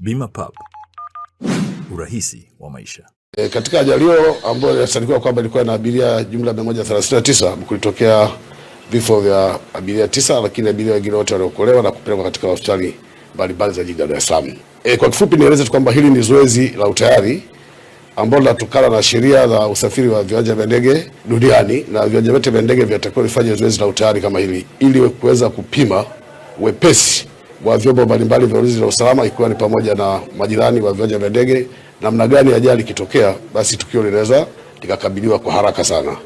Bima Pub, urahisi wa maisha. E, katika ajali hiyo ambayo inasadikiwa kwamba ilikuwa na abiria jumla 139 kulitokea vifo vya abiria tisa, lakini abiria wengine wote waliokolewa na kupelekwa katika hospitali mbalimbali za jiji la Dar es Salaam. E, kwa kifupi nieleze tu kwamba hili ni zoezi la utayari ambalo linatokana na sheria za usafiri wa viwanja vya ndege duniani na viwanja vyote vya ndege vinatakiwa vifanye zoezi la utayari kama hili ili kuweza kupima wepesi wa vyombo mbalimbali vya ulinzi na usalama ikiwa ni pamoja na majirani wa viwanja vya ndege, namna gani ajali ikitokea, basi tukio linaweza likakabiliwa kwa haraka sana.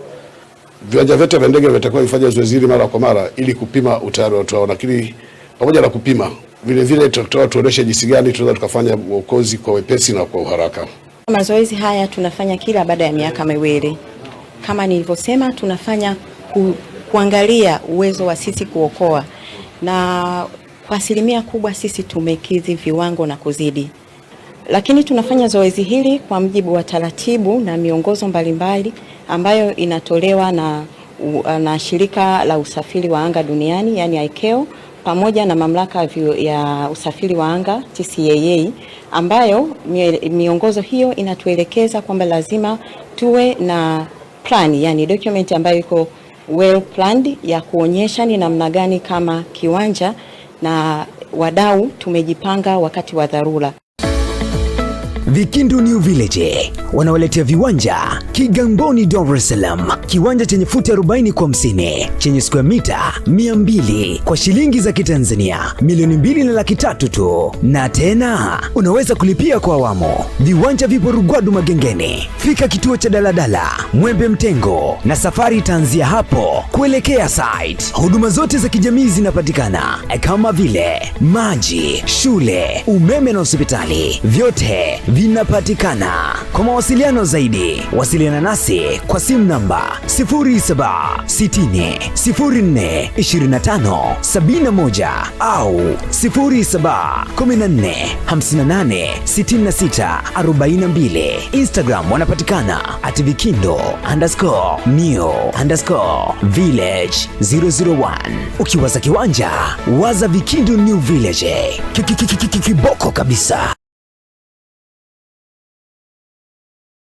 Viwanja vyote vya ndege vitakuwa vifanya zoezi hili mara kwa mara ili kupima utayari wa watu wao, lakini pamoja na kupima vile vile tutatoa tuoneshe jinsi gani tunaweza tukafanya uokozi kwa wepesi na kwa uharaka. Mazoezi haya tunafanya kila baada ya miaka miwili, kama nilivyosema, tunafanya ku, kuangalia uwezo wa sisi kuokoa na kwa asilimia kubwa sisi tumekidhi viwango na kuzidi, lakini tunafanya zoezi hili kwa mjibu wa taratibu na miongozo mbalimbali mbali ambayo inatolewa na, na shirika la usafiri wa anga duniani yani ICAO e pamoja na mamlaka ya usafiri wa anga TCAA, ambayo miongozo hiyo inatuelekeza kwamba lazima tuwe na plan, yani document ambayo iko well planned ya kuonyesha ni namna gani kama kiwanja na wadau tumejipanga wakati wa dharura. Vikindu New Village wanawaletea viwanja Kigamboni, Dar es Salaam, kiwanja chenye futi 40 kwa 50 chenye square mita 200 kwa shilingi za Kitanzania milioni mbili na laki tatu tu, na tena unaweza kulipia kwa awamu. Viwanja vipo Rugwadu Magengeni, fika kituo cha daladala Mwembe Mtengo na safari itaanzia hapo kuelekea site. Huduma zote za kijamii zinapatikana kama vile maji, shule, umeme na hospitali, vyote vinapatikana. Kwa mawasiliano zaidi, wasiliana nasi kwa simu namba 0760042571 au 0714586642. Instagram wanapatikana at vikindo underscore new underscore village 001. Ukiwaza kiwanja waza Vikindo New Village, kiboko kabisa.